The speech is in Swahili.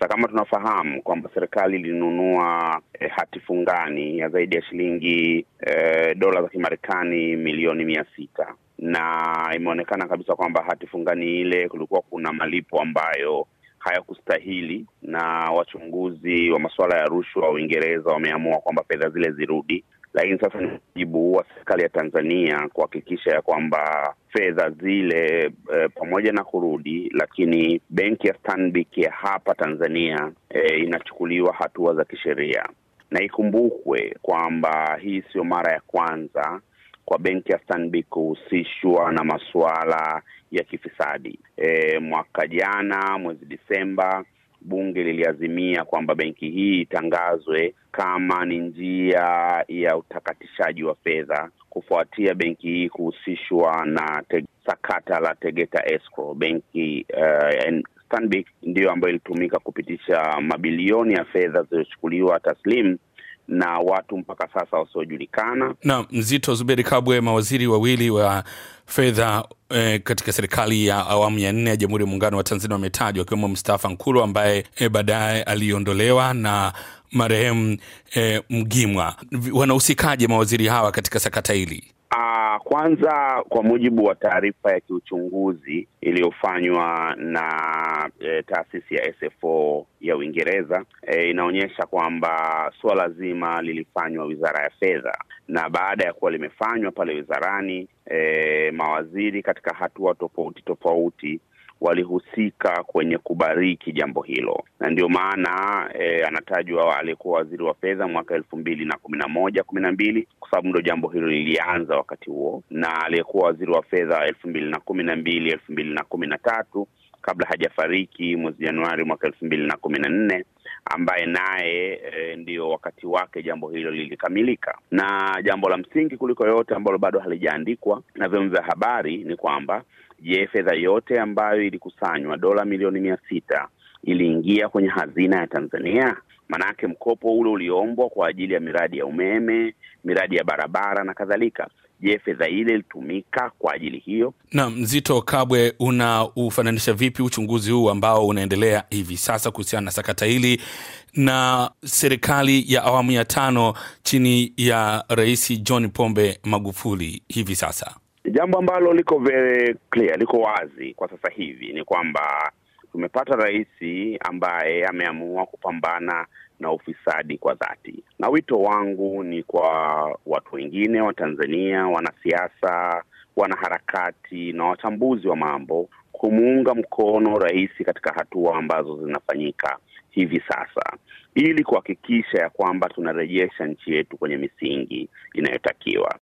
Sasa kama tunafahamu kwamba serikali ilinunua e, hati fungani ya zaidi ya shilingi e, dola za Kimarekani milioni mia sita na imeonekana kabisa kwamba hati fungani ile kulikuwa kuna malipo ambayo hayakustahili na wachunguzi wa masuala ya rushwa wa Uingereza wameamua kwamba fedha zile zirudi, lakini sasa ni wajibu wa serikali ya Tanzania kuhakikisha ya kwamba fedha zile e, pamoja na kurudi, lakini benki ya Stanbic ya hapa Tanzania e, inachukuliwa hatua za kisheria, na ikumbukwe kwamba hii sio mara ya kwanza kwa benki ya Stanbic kuhusishwa na masuala ya kifisadi. E, mwaka jana mwezi Disemba bunge liliazimia kwamba benki hii itangazwe kama ni njia ya utakatishaji wa fedha kufuatia benki hii kuhusishwa na te, sakata la Tegeta Escrow. Benki uh, Stanbic ndiyo ambayo ilitumika kupitisha mabilioni ya fedha zilizochukuliwa taslim na watu mpaka sasa wasiojulikana. Na Mzito Zuberi Kabwe, mawaziri wawili wa fedha e, katika serikali ya awamu ya nne ya Jamhuri ya Muungano wa Tanzania wametajwa akiwemo mstafa Nkulu ambaye e, baadaye aliondolewa na marehemu e, Mgimwa. Wanahusikaje mawaziri hawa katika sakata hili? kwanza, kwa mujibu wa taarifa ya kiuchunguzi iliyofanywa na e, taasisi ya SFO ya Uingereza e, inaonyesha kwamba suala zima lilifanywa wizara ya fedha, na baada ya kuwa limefanywa pale wizarani e, mawaziri katika hatua tofauti tofauti walihusika kwenye kubariki jambo hilo, na ndio maana e, anatajwa aliyekuwa waziri wa fedha mwaka elfu mbili na kumi na moja kumi na mbili kwa sababu ndo jambo hilo lilianza wakati huo, na aliyekuwa waziri wa fedha elfu mbili na kumi na mbili elfu mbili na kumi na tatu kabla hajafariki mwezi Januari mwaka elfu mbili na kumi na nne ambaye naye e, ndiyo wakati wake jambo hilo lilikamilika. Na jambo la msingi kuliko yote ambalo bado halijaandikwa na vyombo vya habari ni kwamba Je, fedha yote ambayo ilikusanywa dola milioni mia sita iliingia kwenye hazina ya Tanzania? manake mkopo ule uliombwa kwa ajili ya miradi ya umeme, miradi ya barabara na kadhalika Je, fedha ile ilitumika kwa ajili hiyo? nam Mzito Kabwe, unaufananisha vipi uchunguzi huu ambao unaendelea hivi sasa kuhusiana na sakata hili na serikali ya awamu ya tano chini ya Rais John Pombe Magufuli hivi sasa? Jambo ambalo liko very clear, liko wazi kwa sasa hivi ni kwamba tumepata rais ambaye ameamua kupambana na ufisadi kwa dhati, na wito wangu ni kwa watu wengine wa Tanzania, wanasiasa, wanaharakati na wachambuzi wa mambo kumuunga mkono rais katika hatua ambazo zinafanyika hivi sasa ili kuhakikisha ya kwamba tunarejesha nchi yetu kwenye misingi inayotakiwa.